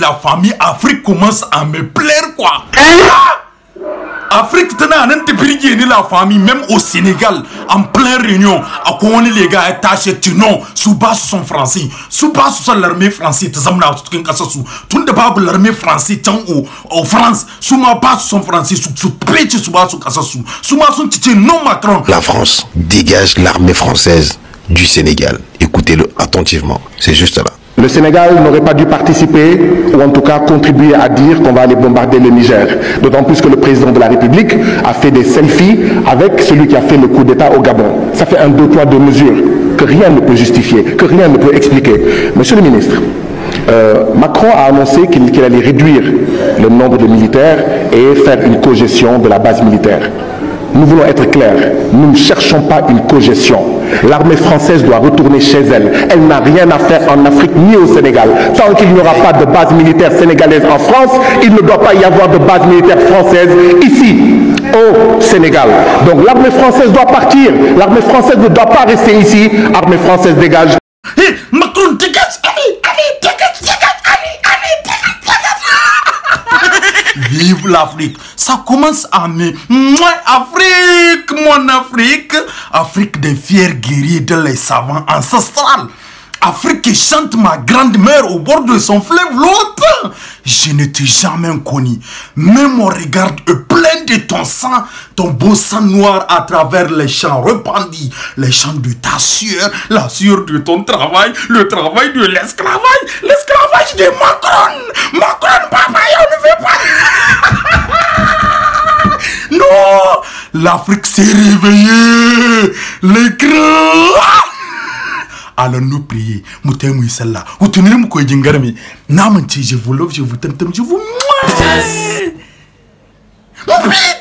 la famille Afrique commence à me plaire, quoi. Hein? Afrique tana nan tafirge ni la famille même au Sénégal en pleine réunion on est les gars attachés, tu non? sous son français sous ba su l'armée française, ta zamna tout cikin kasar de l'armée française, can au au France sous ma pas son français sous su sous su sous su sous sous ma son cice non Macron la France dégage l'armée française du Sénégal écoutez-le attentivement c'est juste là le Sénégal n'aurait pas dû participer, ou en tout cas contribuer à dire qu'on va aller bombarder le Niger. D'autant plus que le président de la République a fait des selfies avec celui qui a fait le coup d'État au Gabon. Ça fait un deux poids, deux mesures que rien ne peut justifier, que rien ne peut expliquer. Monsieur le ministre, euh, Macron a annoncé qu'il allait réduire le nombre de militaires et faire une cogestion de la base militaire. Nous voulons être clairs, nous ne cherchons pas une cogestion. L'armée française doit retourner chez elle. Elle n'a rien à faire en Afrique ni au Sénégal. Tant qu'il n'y aura pas de base militaire sénégalaise en France, il ne doit pas y avoir de base militaire française ici, au Sénégal. Donc l'armée française doit partir. L'armée française ne doit pas rester ici. Armée française dégage. l'Afrique. Ça commence à me... Moi, Afrique, mon Afrique. Afrique des fiers guerriers de les savants ancestrales. Afrique qui chante ma grande-mère au bord de son fleuve l'autre. Je ne t'ai jamais connu. Même on regarde plein de ton sang, ton beau sang noir à travers les champs rependis, les champs de ta sueur, la sueur de ton travail, le travail de l'esclavage, l'esclavage de Macron. Macron, Oh, l'Afrique s'est réveillée. Les grands. Ah. Allons-nous prier. Moutemu Isala. Outenir Moukoy Djengarmi. Namanti, je vous love, je vous tente, je vous mouais.